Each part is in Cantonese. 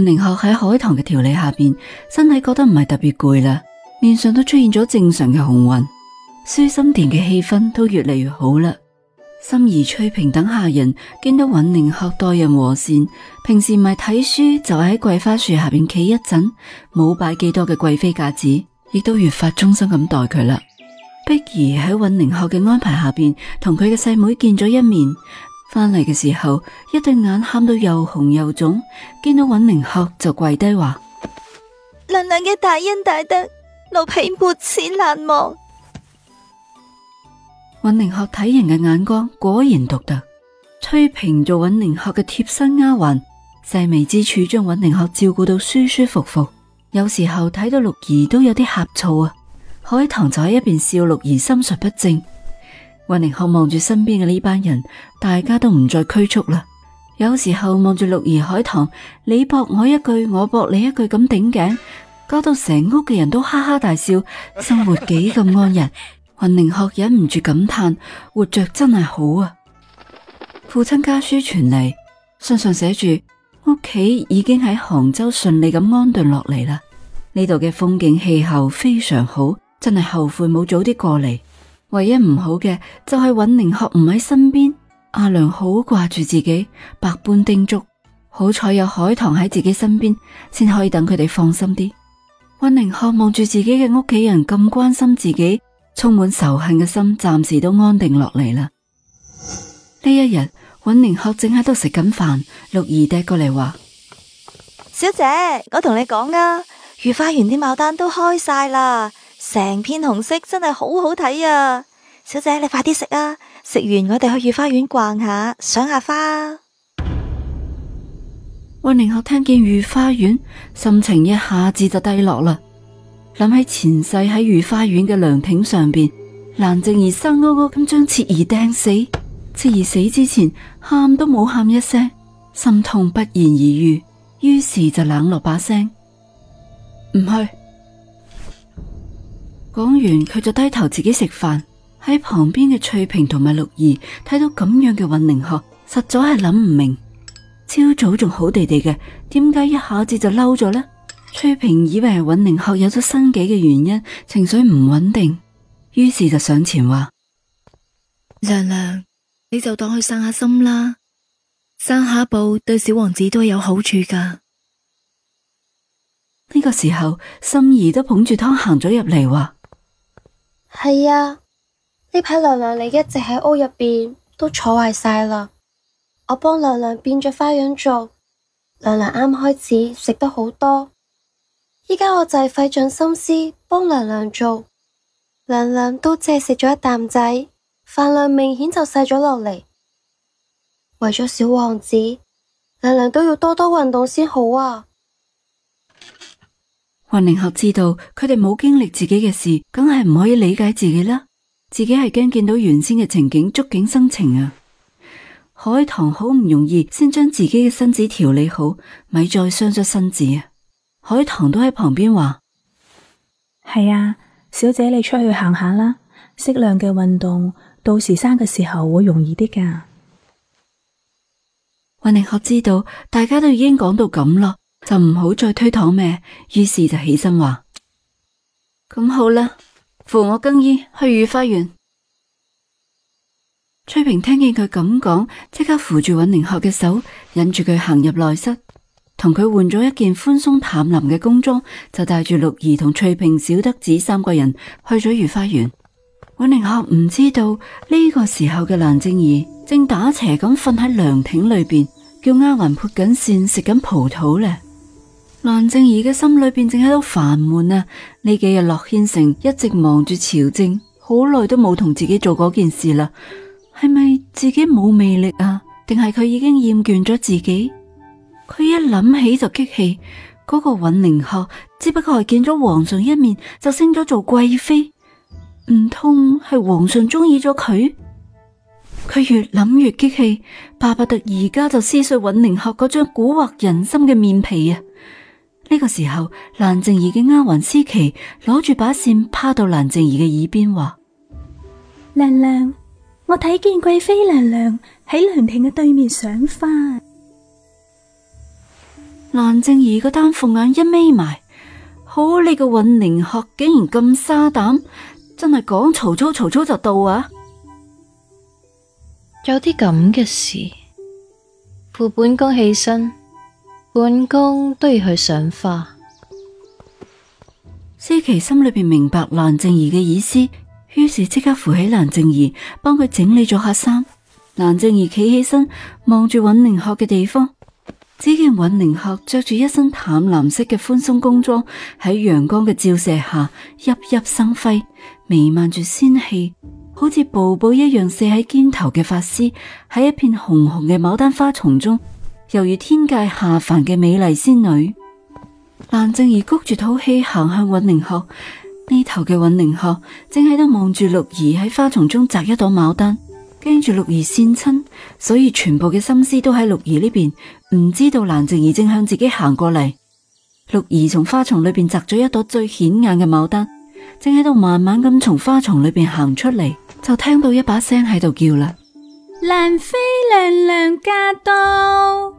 尹寧鶴喺海棠嘅調理下邊，身體覺得唔係特別攰啦，面上都出現咗正常嘅紅暈，舒心殿嘅氣氛都越嚟越好啦。心兒、翠平等下人見到尹寧鶴待人和善，平時唔係睇書就喺、是、桂花樹下邊企一陣，冇擺幾多嘅貴妃架子，亦都越發忠心咁待佢啦。碧兒喺尹寧鶴嘅安排下邊，同佢嘅細妹見咗一面。翻嚟嘅時候，一對眼喊到又紅又腫，見到尹寧鶴就跪低話：娘娘嘅大恩大德，奴婢沒齒難忘。尹寧鶴睇人嘅眼光果然獨特，崔平做尹寧鶴嘅貼身丫鬟，細微之處將尹寧鶴照顧到舒舒服服。有時候睇到六兒都有啲呷醋啊，海棠在一邊笑六兒心術不正。雲寧鶴望住身邊嘅呢班人，大家都唔再拘束啦。有時候望住六兒海棠，你駁我一句，我駁你一句咁頂頸，搞到成屋嘅人都哈哈大笑，生活幾咁安逸。雲寧鶴忍唔住感嘆：活着真係好啊！父親家書傳嚟，信上寫住屋企已經喺杭州順利咁安頓落嚟啦。呢度嘅風景氣候非常好，真係後悔冇早啲過嚟。唯一唔好嘅就係、是、尹寧鶴唔喺身邊，阿良好掛住自己，百般叮囑。好彩有海棠喺自己身邊，先可以等佢哋放心啲。尹寧鶴望住自己嘅屋企人咁關心自己，充滿仇恨嘅心暫時都安定落嚟啦。呢一日尹寧鶴正喺度食緊飯，六兒趯過嚟話：小姐，我同你講啊，御花園啲牡丹都開晒啦。成片紅色真係好好睇啊！小姐，你快啲食啊！食完我哋去御花園逛下，賞下花啊。溫寧學聽見御花園，心情一下子就低落啦。諗起前世喺御花園嘅涼亭上邊，蘭靜兒生勾勾咁將徹兒掟死，徹兒死之前喊都冇喊一聲，心痛不言而喻。於是就冷落把聲，唔去。講完佢就低頭自己食飯，喺旁邊嘅翠平同埋六兒睇到咁樣嘅尹寧鶴，實在係諗唔明，朝早仲好地地嘅，點解一下子就嬲咗呢？翠平以為係尹寧鶴有咗身忌嘅原因，情緒唔穩定，於是就上前話：娘娘，你就當去散下心啦，散下步對小王子都有好處噶。呢個時候，心兒都捧住湯行咗入嚟話。係啊，呢排娘娘你一直喺屋入邊都坐壞晒啦，我幫娘娘變咗花樣做，娘娘啱開始食得好多，依家我就係費盡心思幫娘娘做，娘娘都只係食咗一啖仔，飯量明顯就細咗落嚟，為咗小王子，娘娘都要多多運動先好啊。云寧學知道佢哋冇經歷自己嘅事，梗係唔可以理解自己啦。自己係驚見到原先嘅情景，觸景生情啊！海棠好唔容易先將自己嘅身子調理好，咪再傷咗身子啊！海棠都喺旁邊話：係啊，小姐你出去行下啦，適量嘅運動，到時生嘅時候會容易啲噶。云寧學知道大家都已經講到咁咯。就唔好再推搪咩，於是就起身話：咁好啦，扶我更衣去御花園。翠平聽見佢咁講，即刻扶住尹寧鶴嘅手，引住佢行入內室，同佢換咗一件寬鬆淡藍嘅宮裝，就帶住六兒同翠平、小德子三個人去咗御花園。尹寧鶴唔知道呢個時候嘅蘭靜兒正打斜咁瞓喺涼亭裡邊，叫丫鬟潑緊線食緊葡萄呢。蘭靜怡嘅心裏邊正喺度煩悶啊。呢幾日，洛軒城一直忙住朝政，好耐都冇同自己做嗰件事啦。係咪自己冇魅力啊？定係佢已經厭倦咗自己？佢一諗起就激氣。嗰、那個尹寧鶴只不過係見咗皇上一面就升咗做貴妃，唔通係皇上中意咗佢？佢越諗越激氣，巴不得而家就撕碎尹寧鶴嗰張蠱惑人心嘅面皮啊！呢個時候，蘭靜儀嘅丫鬟思琪攞住把扇，趴到蘭靜儀嘅耳邊話：娘娘，我睇見貴妃娘娘喺涼亭嘅對面賞花。蘭靜儀個丹鳳眼一眯埋，好你個允寧學竟然咁沙膽，真係講曹，曹操曹操就到啊！有啲咁嘅事，扶本宮起身。本宮都要去賞花。思琪心裏邊明白蘭靜兒嘅意思，於是即刻扶起蘭靜兒，幫佢整理咗下衫。蘭靜兒企起身，望住尹寧鶴嘅地方，只見尹寧鶴着住一身淡藍色嘅寬鬆工裝，喺陽光嘅照射下熠熠生輝，彌漫住仙氣，好似瀑布一樣射喺肩頭嘅髮絲，喺一片紅紅嘅牡丹花叢中。猶如天界下凡嘅美麗仙女，蘭靜兒谷住肚氣行向尹寧鶴呢頭嘅尹寧鶴，正喺度望住六兒喺花叢中摘一朵牡丹，驚住六兒扇親，所以全部嘅心思都喺六兒呢邊，唔知道蘭靜兒正向自己行過嚟。六兒從花叢裏邊摘咗一朵最顯眼嘅牡丹，正喺度慢慢咁從花叢裏邊行出嚟，就聽到一把聲喺度叫啦。蘭妃娘娘駕到！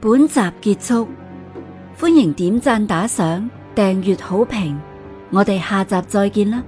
本集結束，歡迎點讚打賞、訂閱好評，我哋下集再見啦！